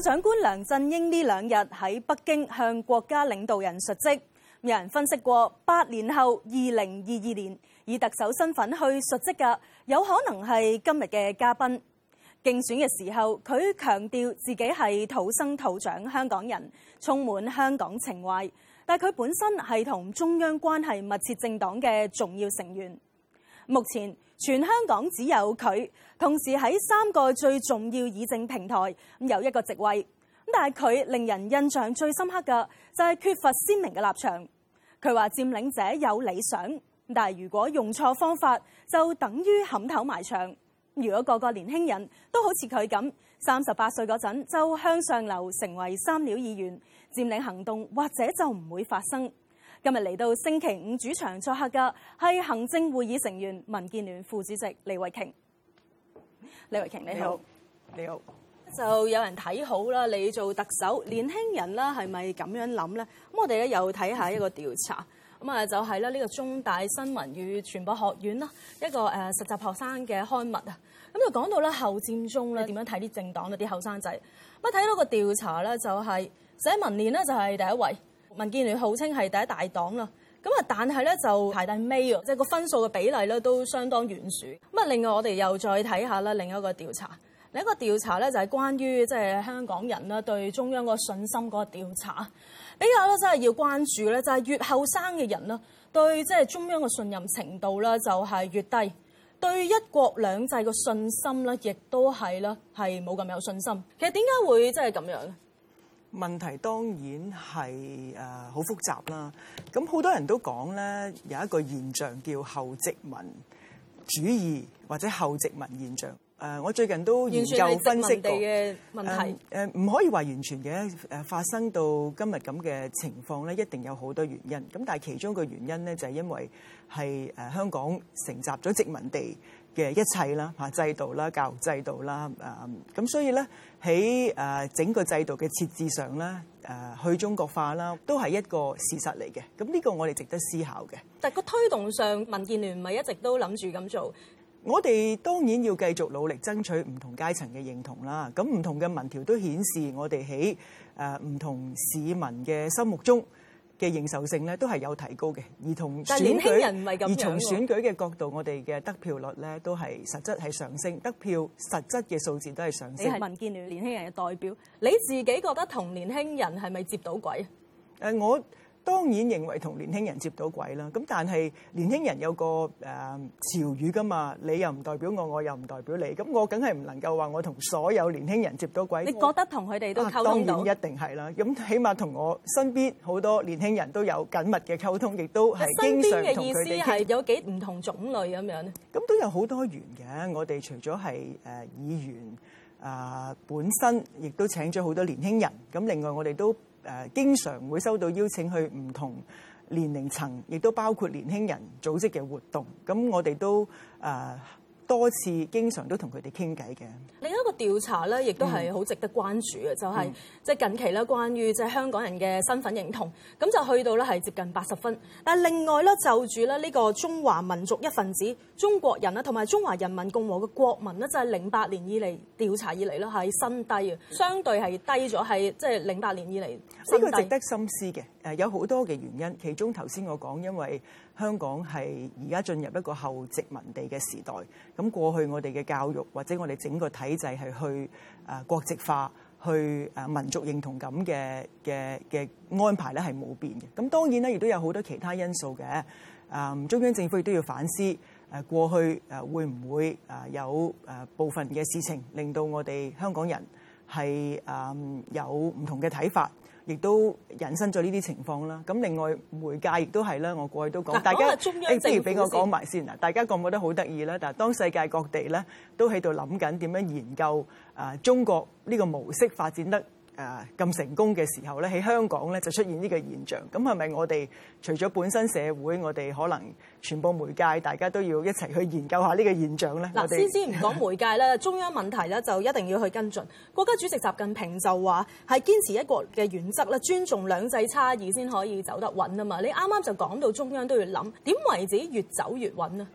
長官梁振英呢兩日喺北京向國家領導人述職，有人分析過，八年後二零二二年以特首身份去述職嘅，有可能係今日嘅嘉賓。競選嘅時候，佢強調自己係土生土長香港人，充滿香港情懷，但佢本身係同中央關係密切政黨嘅重要成員。目前全香港只有佢，同時喺三個最重要議政平台有一個席位。但係佢令人印象最深刻嘅就係、是、缺乏鮮明嘅立場，佢話佔領者有理想，但係如果用錯方法，就等於撼頭埋牆，如果個個年輕人都好似佢咁，三十八歲嗰陣就向上流成為三料議員，佔領行動或者就唔會發生。今日嚟到星期五主場作客嘅係行政會議成員、民建聯副主席李慧瓊。李慧瓊你好，你好，你好。就有人睇好啦，你做特首，年輕人啦係咪咁樣諗咧？咁我哋咧又睇下一個調查，咁啊就係咧呢個中大新聞與傳播學院啦一個誒實習學生嘅刊物啊。咁就講到咧後佔中咧點樣睇啲政黨嗰啲後生仔。咁啊睇到個調查咧就係、是、寫民建咧就係第一位。民建聯號稱係第一大黨啦，咁啊，但係咧就排第尾啊，即係個分數嘅比例咧都相當懸殊。咁啊，另外我哋又再睇下啦，另一個調查，另一個調查咧就係關於即係香港人啦對中央個信心嗰個調查，比較咧真係要關注咧，就係越後生嘅人咧對即係中央嘅信任程度咧就係越低，對一國兩制個信心咧亦都係咧係冇咁有信心。其實點解會即係咁樣咧？問題當然係誒好複雜啦。咁好多人都講咧有一個現象叫後殖民主義或者後殖民現象。我最近都研究分析過誒唔可以話完全嘅發生到今日咁嘅情況咧，一定有好多原因。咁但係其中一個原因咧就係因為係香港承襲咗殖民地。嘅一切啦，吓制度啦，教育制度啦，誒咁，所以咧喺誒整個制度嘅設置上啦，誒去中國化啦，都係一個事實嚟嘅。咁、這、呢個我哋值得思考嘅。但個推動上，民建聯唔係一直都諗住咁做？我哋當然要繼續努力爭取唔同階層嘅認同啦。咁唔同嘅民調都顯示，我哋喺誒唔同市民嘅心目中。嘅認受性咧都係有提高嘅，而從選舉，但係年輕人唔係咁，而從選舉嘅角度，我哋嘅得票率咧都係實質係上升，得票實質嘅數字都係上升。你係民建聯年輕人嘅代表，你自己覺得同年輕人係咪接到軌啊？誒我。當然認為同年輕人接到鬼啦，咁但係年輕人有個誒潮語㗎嘛，你又唔代表我，我又唔代表你，咁我梗係唔能夠話我同所有年輕人接到鬼。你覺得同佢哋都溝通到？當然一定係啦，咁起碼同我身邊好多年輕人都有緊密嘅溝通，亦都係經常同佢哋。身邊嘅意思係有幾唔同種類咁樣？咁都有好多元嘅，我哋除咗係誒議員啊本身，亦都請咗好多年輕人，咁另外我哋都。誒，經常會收到邀請去唔同年齡層，亦都包括年輕人組織嘅活動。咁我哋都誒。呃多次經常都同佢哋傾偈嘅。另一個調查咧，亦都係好值得關注嘅、嗯，就係即係近期咧，關於即係香港人嘅身份認同，咁、嗯、就去到咧係接近八十分。但係另外咧，就住咧呢個中華民族一份子、中國人啦，同埋中華人民共和國嘅國民咧，就係零八年以嚟調查以嚟咧係新低嘅，相對係低咗，係即係零八年以嚟新低。呢、這個值得深思嘅，誒有好多嘅原因，其中頭先我講因為。香港係而家進入一個後殖民地嘅時代，咁過去我哋嘅教育或者我哋整個體制係去誒、呃、國籍化、去誒、呃、民族認同感嘅嘅嘅安排咧係冇變嘅。咁當然咧亦都有好多其他因素嘅，誒、呃、中央政府亦都要反思誒、呃、過去誒、呃、會唔會誒、呃、有誒、呃、部分嘅事情令到我哋香港人係誒、呃、有唔同嘅睇法。亦都引申咗呢啲情況啦。咁另外媒介亦都係啦，我過去都講，大家不如俾我講埋先啦。大家覺唔覺得好得意咧？但當世界各地咧都喺度諗緊點樣研究啊，中國呢個模式發展得。誒、啊、咁成功嘅時候咧，喺香港咧就出現呢個現象，咁係咪我哋除咗本身社會，我哋可能全部媒介，大家都要一齊去研究下呢個現象呢？嗱、啊，先先唔講媒介啦， 中央問題咧就一定要去跟進。國家主席習近平就話係堅持一國嘅原則啦，尊重兩制差異先可以走得穩啊嘛。你啱啱就講到中央都要諗點為止越走越穩啊？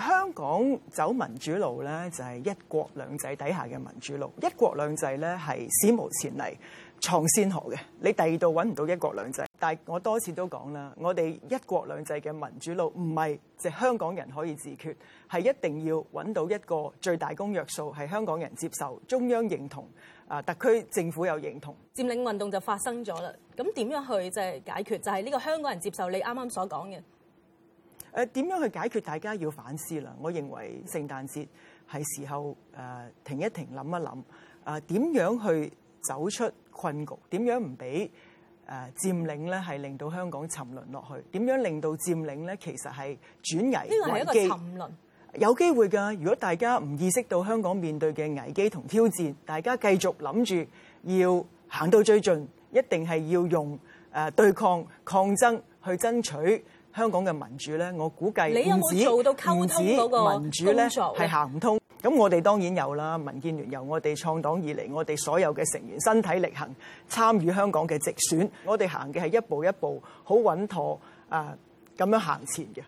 香港走民主路咧，就係一國兩制底下嘅民主路。一國兩制咧係史無前例、創先河嘅。你第二度揾唔到一國兩制，但係我多次都講啦，我哋一國兩制嘅民主路唔係即香港人可以自決，係一定要揾到一個最大公約數係香港人接受、中央認同、啊特區政府又認同。佔領運動就發生咗啦，咁點樣去即係解決？就係呢個香港人接受你啱啱所講嘅。誒、啊、點樣去解決？大家要反思啦！我認為聖誕節係時候誒、啊、停一停、諗一諗啊！點樣去走出困局？點樣唔俾誒佔領咧？係令到香港沉淪落去？點樣令到佔領咧？其實係轉危為機一個沉淪。有機會㗎！如果大家唔意識到香港面對嘅危機同挑戰，大家繼續諗住要行到最盡，一定係要用誒、啊、對抗抗爭去爭取。香港嘅民主咧，我估計唔止，你有冇做到溝通嗰個工作呢？唔止民主咧，係行唔通。咁我哋當然有啦，民建聯由我哋創黨以嚟，我哋所有嘅成員身體力行參與香港嘅直選，我哋行嘅係一步一步好穩妥啊咁樣行前嘅。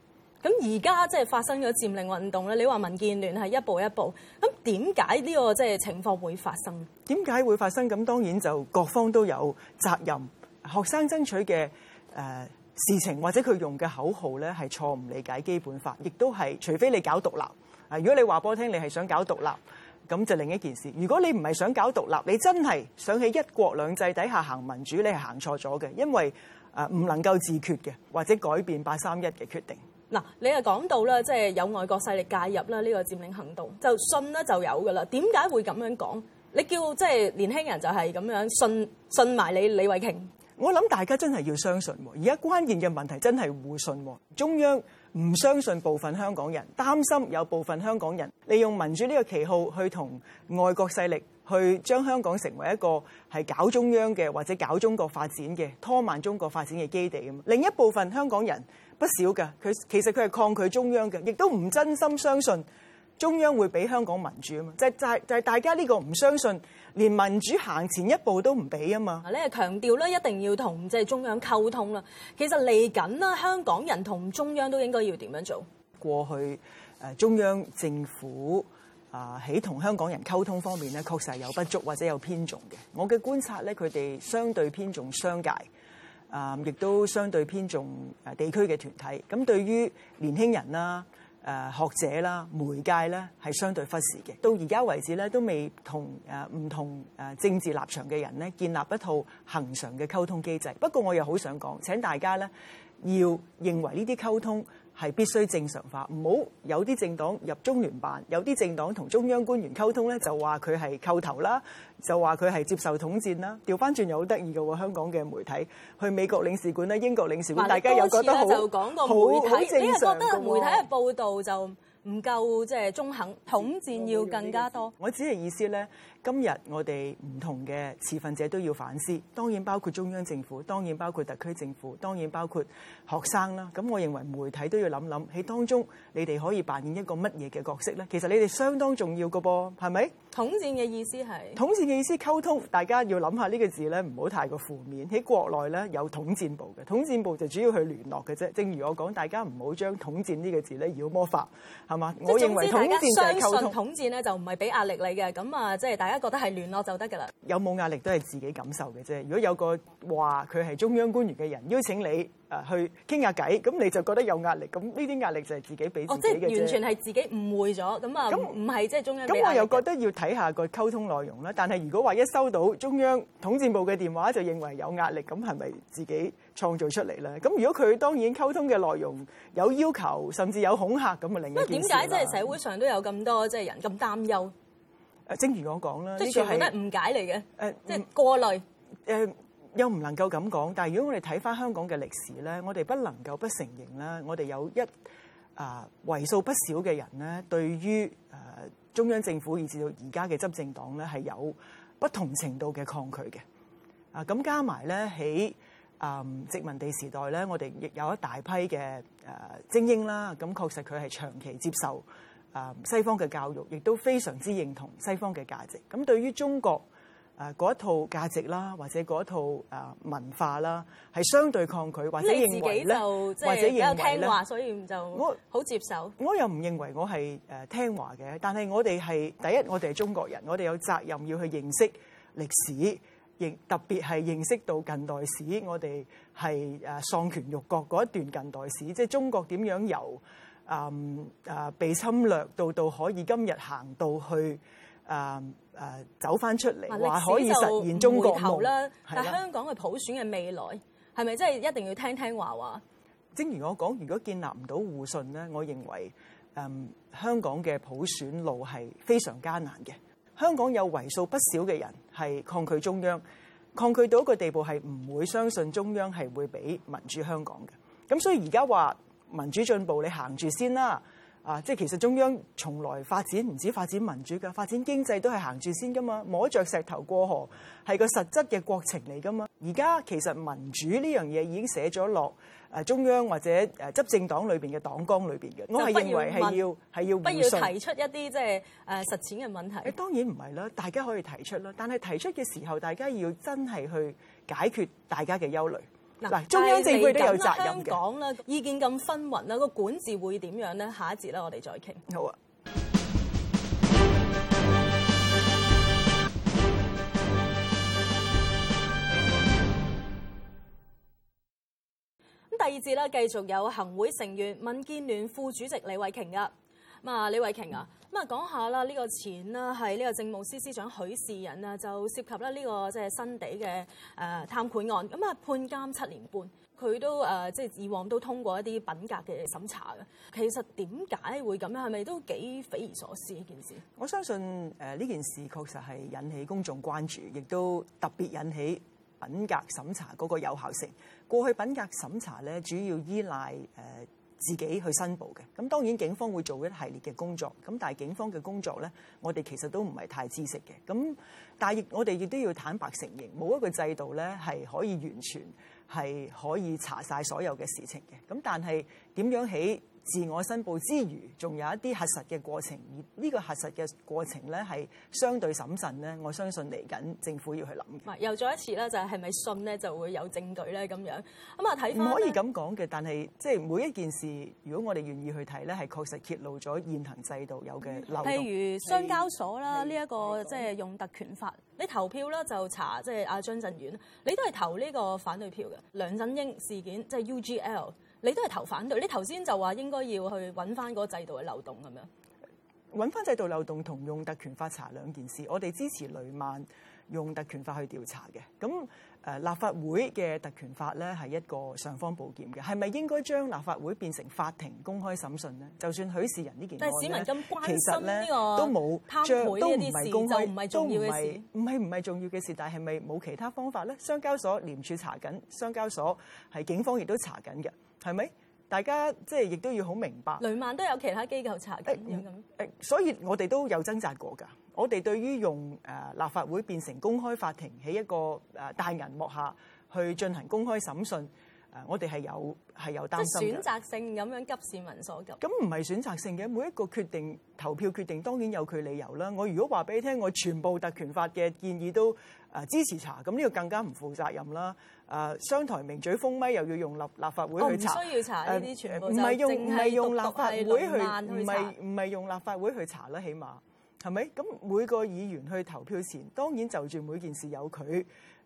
咁而家即係發生咗佔領運動咧，你話民建聯係一步一步，咁點解呢個即係情況會發生？點解會發生？咁當然就各方都有責任。學生爭取嘅誒，呃事情或者佢用嘅口號呢，係錯誤理解基本法，亦都係除非你搞獨立。啊，如果你話俾我聽你係想搞獨立，咁就另一件事。如果你唔係想搞獨立，你真係想喺一國兩制底下行民主，你係行錯咗嘅，因為誒唔、呃、能夠自決嘅，或者改變八三一嘅決定。嗱，你又講到啦，即係有外國勢力介入啦，呢、這個佔領行動就信咧就有噶啦。點解會咁樣講？你叫即係、就是、年輕人就係咁樣信信埋你李慧瓊。我諗大家真係要相信喎，而家關鍵嘅問題真係互信喎。中央唔相信部分香港人，擔心有部分香港人利用民主呢個旗號去同外國勢力去將香港成為一個係搞中央嘅，或者搞中國發展嘅，拖慢中國發展嘅基地啊嘛。另一部分香港人不少㗎，佢其實佢係抗拒中央嘅，亦都唔真心相信。中央會俾香港民主啊嘛，就就就係大家呢個唔相信，連民主行前一步都唔俾啊嘛。你係強調咧，一定要同即係中央溝通啦。其實嚟緊啦，香港人同中央都應該要點樣做？過去誒中央政府啊喺同香港人溝通方面咧，確實係有不足或者有偏重嘅。我嘅觀察咧，佢哋相對偏重商界，啊亦都相對偏重地區嘅團體。咁對於年輕人啦。誒學者啦，媒介咧係相對忽視嘅，到而家為止咧都未同誒唔同誒政治立場嘅人咧建立一套恒常嘅溝通機制。不過我又好想講，請大家咧要認為呢啲溝通，係必須正常化，唔好有啲政黨入中聯辦，有啲政黨同中央官員溝通咧，就話佢係叩頭啦，就話佢係接受統戰啦。調翻轉又好得意嘅喎，香港嘅媒體去美國領事館咧，英國領事館，大家又覺得好，好媒體正常。因為覺得媒體嘅報道就唔夠即係、就是、中肯，統戰要更加多。我，我只係意思咧。今日我哋唔同嘅持份者都要反思，當然包括中央政府，當然包括特區政府，當然包括學生啦。咁我認為媒體都要諗諗，喺當中你哋可以扮演一個乜嘢嘅角色咧？其實你哋相當重要嘅噃，係咪？統戰嘅意思係，統戰嘅意思，是統戰的意思溝通，大家要諗下呢個字咧，唔好太過負面。喺國內咧有統戰部嘅，統戰部就主要去聯絡嘅啫。正如我講，大家唔好將統戰呢個字咧妖魔化，係嘛？我認為統戰就係溝通。信統戰咧，就唔係俾壓力你嘅，咁啊即係大。大家覺得係聯絡就得㗎啦，有冇壓力都係自己感受嘅啫。如果有個話佢係中央官員嘅人邀請你誒去傾下偈，咁你就覺得有壓力。咁呢啲壓力就係自己俾自己嘅啫。哦，即係完全係自己誤會咗，咁啊，咁唔係即係中央。咁我又覺得要睇下個溝通內容啦。但係如果話一收到中央統戰部嘅電話，就認為有壓力，咁係咪自己創造出嚟咧？咁如果佢當然溝通嘅內容有要求，甚至有恐嚇咁啊，另一。咁點解即係社會上都有咁多即係人咁擔憂？正如我講啦，呢、這個係誤解嚟嘅，誒、呃，即係過濾，誒、呃，又唔能夠咁講。但係如果我哋睇翻香港嘅歷史咧，我哋不能夠不承認啦。我哋有一啊、呃、為數不少嘅人咧，對於誒、呃、中央政府以至到而家嘅執政黨咧，係有不同程度嘅抗拒嘅。啊，咁加埋咧喺啊殖民地時代咧，我哋亦有一大批嘅誒、呃、精英啦。咁、啊、確實佢係長期接受。誒西方嘅教育亦都非常之認同西方嘅價值。咁對於中國誒嗰一套價值啦，或者嗰一套誒文化啦，係相對抗拒。咁你自己就即係比較聽話，所以就好接受。我又唔認為我係誒聽話嘅。但係我哋係第一，我哋係中國人，我哋有責任要去認識歷史，亦特別係認識到近代史。我哋係誒喪權辱國嗰一段近代史，即係中國點樣由。嗯、誒、啊、被侵略到到可以今日行到去，誒、啊、誒、啊、走翻出嚟話、啊、可以實現中國夢，是啊、但香港嘅普選嘅未來，係咪真係一定要聽聽話話？正如我講，如果建立唔到互信咧，我認為誒、嗯、香港嘅普選路係非常艱難嘅。香港有為數不少嘅人係抗拒中央，抗拒到一個地步係唔會相信中央係會俾民主香港嘅。咁所以而家話。民主進步，你行住先啦！啊，即係其實中央從來發展唔止發展民主㗎，發展經濟都係行住先噶嘛。摸着石頭過河係個實質嘅過程嚟噶嘛。而家其實民主呢樣嘢已經寫咗落誒中央或者誒執政黨裏邊嘅黨綱裏邊嘅。我係認為係要係要，問要不要提出一啲即係誒實踐嘅問題。當然唔係啦，大家可以提出啦，但係提出嘅時候，大家要真係去解決大家嘅憂慮。嗱，中央政府都有責任嘅。香港意見咁紛紜咧，個管治會點樣咧？下一節咧，我哋再傾。好啊。咁第二節咧，繼續有行會成員、民建聯副主席李慧瓊啊。李慧瓊啊。咁啊，講下啦，呢個錢啦，係呢個政務司司長許仕仁啊，就涉及啦呢個即係新地嘅誒貪賄案，咁啊判監七年半，佢都誒即係以往都通過一啲品格嘅審查嘅。其實點解會咁樣？係咪都幾匪夷所思呢件事？我相信誒呢、呃、件事確實係引起公眾關注，亦都特別引起品格審查嗰個有效性。過去品格審查咧，主要依賴誒。呃自己去申報嘅，咁，當然警方會做一系列嘅工作咁，但係警方嘅工作呢，我哋其實都唔係太知識嘅，咁，但係我哋亦都要坦白承認，冇一個制度呢係可以完全係可以查晒所有嘅事情嘅，咁，但係點樣起？自我申報之餘，仲有一啲核實嘅過程，而呢個核實嘅過程咧係相對審慎咧。我相信嚟緊政府要去諗。又再一次咧，就係係咪信咧就會有證據咧咁樣。咁啊睇返唔可以咁講嘅，但係即係每一件事，如果我哋願意去睇咧，係確實揭露咗現行制度有嘅漏洞。譬如商交所啦，呢一個即係用特權法，你投票啦就查即係阿張震遠，你都係投呢個反對票嘅梁振英事件，即係 UGL。你都係投反對，你頭先就話應該要去揾翻個制度嘅漏洞咁樣。揾翻制度漏洞同用特權法查兩件事，我哋支持雷曼用特權法去調查嘅。咁誒、呃、立法會嘅特權法咧係一個尚方寶劍嘅，係咪應該將立法會變成法庭公開審訊呢？就算許仕仁呢件事，但係咁關其實呢，呢個、都冇呢件事，係市民咁關心呢個都冇，都唔係公開，就唔係重要嘅事，唔係唔係重要嘅事。但係咪冇其他方法咧？商交所廉署查緊，商交所係警方亦都查緊嘅。係咪？大家即係亦都要好明白。雷曼都有其他機構查嘅，咁、欸。誒、欸，所以我哋都有掙扎過㗎。我哋對於用誒、呃、立法會變成公開法庭，喺一個誒、呃、大銀幕下去進行公開審訊，誒、呃，我哋係有係有擔心嘅。選擇性咁樣急市民所急。咁唔係選擇性嘅，每一個決定投票決定，當然有佢理由啦。我如果話俾你聽，我全部特權法嘅建議都誒支持查，咁呢個更加唔負責任啦。誒、啊、商台名嘴封咪又要用立立法會去查？唔、哦、需要查呢啲全部。唔、啊、係用唔係、啊、用，用立法會去，唔唔係用立法會去查啦。起碼係咪？咁每個議員去投票前，當然就住每件事有佢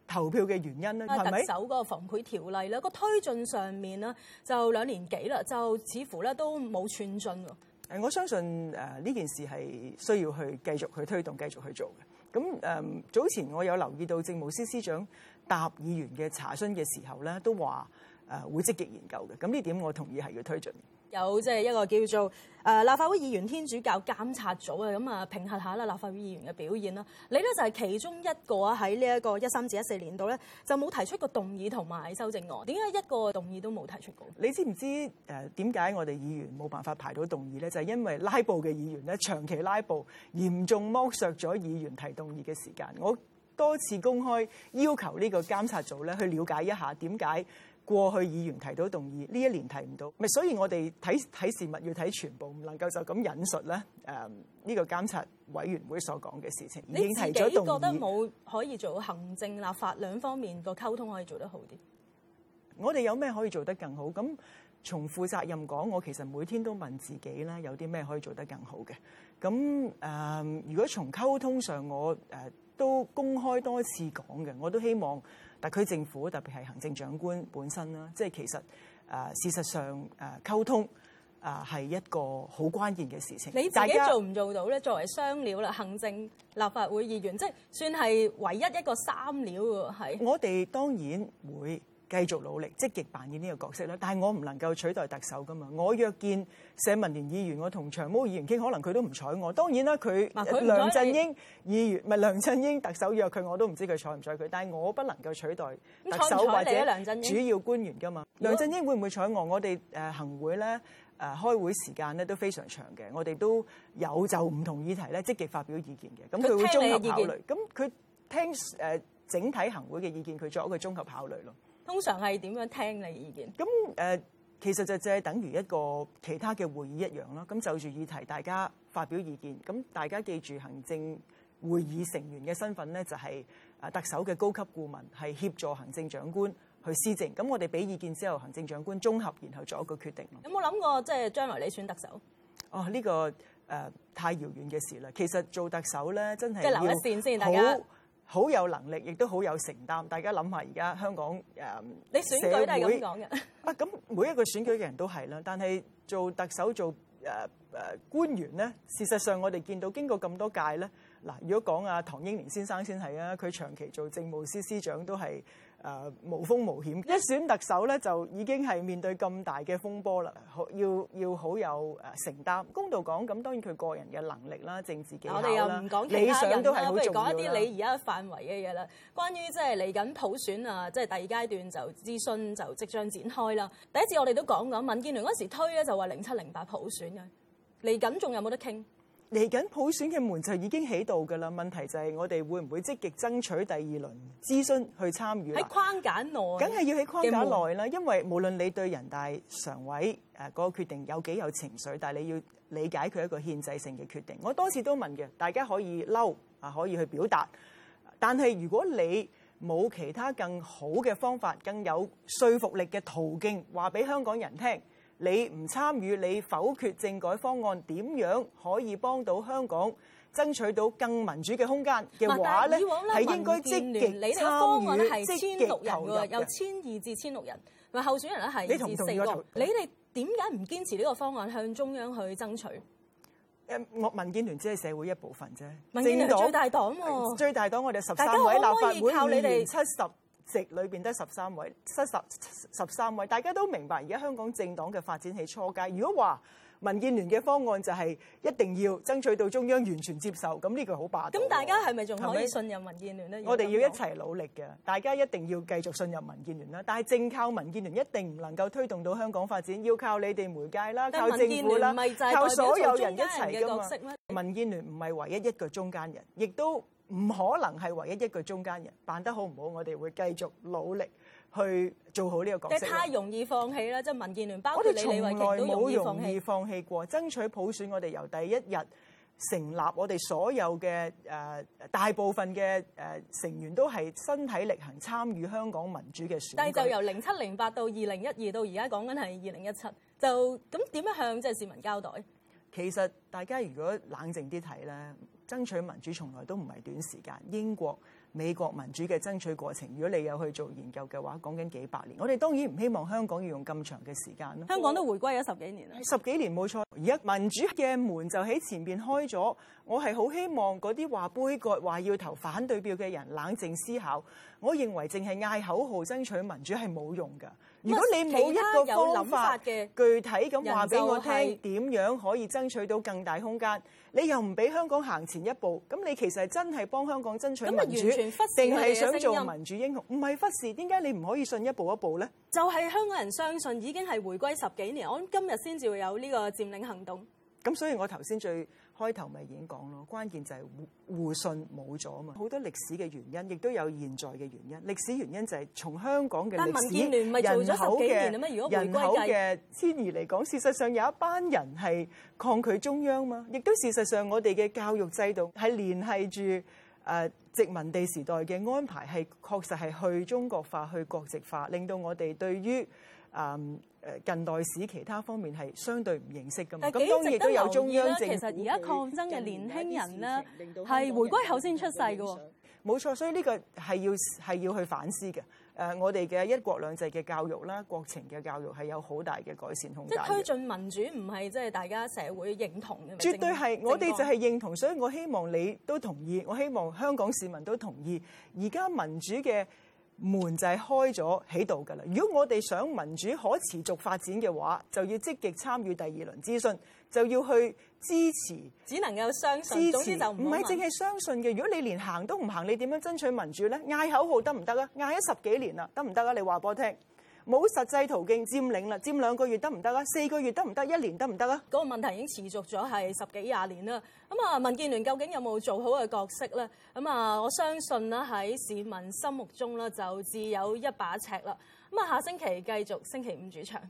投票嘅原因咧，係咪？守個防賄條例咧，嗰個推進上面咧，就兩年幾啦，就似乎咧都冇寸進喎、啊。我相信呢、啊、件事係需要去繼續去推動，繼續去做嘅。咁、啊、早前我有留意到政務司司長。答議員嘅查詢嘅時候咧，都話誒會積極研究嘅。咁呢點我同意係要推進的。有即係一個叫做誒、呃、立法會議員天主教監察組啊，咁啊評核下啦立法會議員嘅表現啦。你咧就係、是、其中一個啊，喺呢一個一三至一四年度咧就冇提出過動議同埋修正案。點解一個動議都冇提出過？你知唔知誒點解我哋議員冇辦法排到動議咧？就係、因為拉布嘅議員咧長期拉布，嚴重剝削咗議員提動議嘅時間。我多次公開要求呢個監察組咧去了解一下，點解過去議員提到動議，呢一年提唔到。所以我哋睇睇事物要睇全部，唔能夠就咁引述咧。誒呢個監察委員會所講嘅事情已經提咗動議。你自己覺得冇可以做行政立法兩方面個溝通可以做得好啲？我哋有咩可以做得更好？咁從負責任講，我其實每天都問自己啦，有啲咩可以做得更好嘅？咁、呃、如果從溝通上我，我、呃都公開多次講嘅，我都希望特區政府特別係行政長官本身啦，即係其實誒、呃、事實上誒、呃、溝通誒係、呃、一個好關鍵嘅事情。你自己大家做唔做到咧？作為雙料啦，行政立法會議員，即係算係唯一一個三料喎，係。我哋當然會。繼續努力，積極扮演呢個角色咧。但係我唔能夠取代特首㗎嘛。我約見社民連議員，我同長毛議員傾，可能佢都唔睬我。當然啦，佢梁振英議員唔係梁振英特首約佢，我都唔知佢睬唔睬佢。但係我不能夠取代特首或者主要官員㗎嘛。梁振英會唔會睬我？我哋誒行會咧誒開會時間咧都非常長嘅。我哋都有就唔同議題咧積極發表意見嘅。咁佢會綜合考慮。咁佢聽誒整體行會嘅意見，佢作一個綜合考慮咯。通常係點樣聽你的意見？咁誒、呃，其實就就係等於一個其他嘅會議一樣咯。咁就住議題，大家發表意見。咁大家記住，行政會議成員嘅身份咧，就係、是、啊特首嘅高級顧問，係協助行政長官去施政。咁我哋俾意見之後，行政長官綜合，然後做一個決定。有冇諗過即係將來你選特首？哦，呢、這個誒、呃、太遙遠嘅事啦。其實做特首咧，真係即係留一線先，大家。好有能力，亦都好有承擔。大家諗下而家香港誒社會都係咁講嘅。啊，咁每一個選舉嘅人都係啦。但係做特首做誒誒官員咧，事實上我哋見到經過咁多屆咧，嗱，如果講阿唐英年先生先係啊，佢長期做政務司司長都係。誒無風無險一選特首咧，就已經係面對咁大嘅風波啦。要要好有誒承擔，公道講咁，當然佢個人嘅能力啦、政治技巧啦，理想都係好重要啦。我哋又唔講其他嘢啦，不如講一啲你而家範圍嘅嘢啦。關於即係嚟緊普選啊，即係第二階段就諮詢就即將展開啦。第一次我哋都講咁，民建聯嗰時推咧就話零七零八普選嘅嚟緊，仲有冇得傾？嚟緊普選嘅門就已經起到㗎喇，問題就係我哋會唔會積極爭取第二輪諮詢去參與？喺框架內，梗係要喺框架內啦。因為無論你對人大常委嗰個決定有幾有情緒，但係你要理解佢一個限制性嘅決定。我多次都問嘅，大家可以嬲啊，可以去表達，但係如果你冇其他更好嘅方法、更有說服力嘅途徑，話俾香港人聽。你唔參與，你否決政改方案，點樣可以幫到香港爭取到更民主嘅空間嘅話咧，係應該積極參與嘅。方案係千六人嘅，有千二至千六人，同候選人咧你同四個。你哋點解唔堅持呢個方案向中央去爭取？誒，我民建聯只係社會一部分啫、啊，最大黨最大黨，我哋十三位立法會，靠你哋七十，席裏邊得十三位，失十十三位，大家都明白。而家香港政黨嘅發展係初階。如果話民建聯嘅方案就係一定要爭取到中央完全接受，咁呢個好霸道。咁大家係咪仲可以信任民建聯呢？我哋要一齊努力嘅，大家一定要繼續信任民建聯啦。但係正靠民建聯一定唔能夠推動到香港發展，要靠你哋媒介啦，靠政府啦，靠所有人一齊㗎嘛。民建聯唔係唯一一個中間人，亦都，唔可能係唯一一個中間人，辦得好唔好？我哋會繼續努力去做好呢個角色。即係太容易放棄啦！即係民建聯，包括你，你亦都容易放棄。放棄過爭取普選，我哋由第一日成立，我哋所有嘅誒大部分嘅誒成員都係身體力行參與香港民主嘅選。但係就由零七零八到二零一二到而家講緊係二零一七，就咁點樣向即係市民交代？其實大家如果冷靜啲睇咧，爭取民主從來都唔係短時間。英國、美國民主嘅爭取過程，如果你有去做研究嘅話，講緊幾百年。我哋當然唔希望香港要用咁長嘅時間咯。香港都回歸咗十幾年啦，十幾年冇錯。而家民主嘅門就喺前面開咗。我係好希望嗰啲話杯葛話要投反對票嘅人冷靜思考。我認為淨係嗌口號爭取民主係冇用㗎。如果你冇一個方法，有諗法具體咁話俾我聽，點樣可以爭取到更大空間？你又唔俾香港行前一步，咁你其實真係幫香港爭取民主，定係想做民主英雄？唔係忽視，點解你唔可以進一步一步呢？就係香港人相信，已經係回歸十幾年，我諗今日先至會有呢個佔領行動。咁所以，我頭先最。開頭咪已經講咯，關鍵就係互互信冇咗嘛！好多歷史嘅原因，亦都有現在嘅原因。歷史原因就係從香港嘅歷史建不做如果不人口嘅遷移嚟講，事實上有一班人係抗拒中央嘛。亦都事實上，我哋嘅教育制度係聯繫住誒殖民地時代嘅安排係，係確實係去中國化、去國籍化，令到我哋對於誒。嗯近代史其他方面係相對唔認識噶嘛，咁當然亦都有中央政府。其實而家抗爭嘅年輕人咧，係回歸後先出世嘅喎。冇錯，所以呢個係要係要去反思嘅。啊。我哋嘅一國兩制嘅教育啦，國情嘅教育係有好大嘅改善空間。即係推進民主唔係即係大家社會認同嘅，絕對係我哋就係認同，所以我希望你都同意，我希望香港市民都同意，而家民主嘅。門就係開咗喺度㗎啦！如果我哋想民主可持續發展嘅話，就要積極參與第二輪諮詢，就要去支持。只能夠相信，支持就唔係淨係相信嘅。如果你連行都唔行，你點樣爭取民主呢？嗌口號得唔得啊？嗌咗十幾年啦，得唔得啊？你話俾我聽。冇實際途徑佔領啦，佔兩個月得唔得啊？四個月得唔得？一年得唔得啊？嗰個問題已經持續咗係十幾廿年啦。咁啊，民建聯究竟有冇做好嘅角色咧？咁啊，我相信咧，喺市民心目中咧就自有一把尺啦。咁啊，下星期繼續星期五主場。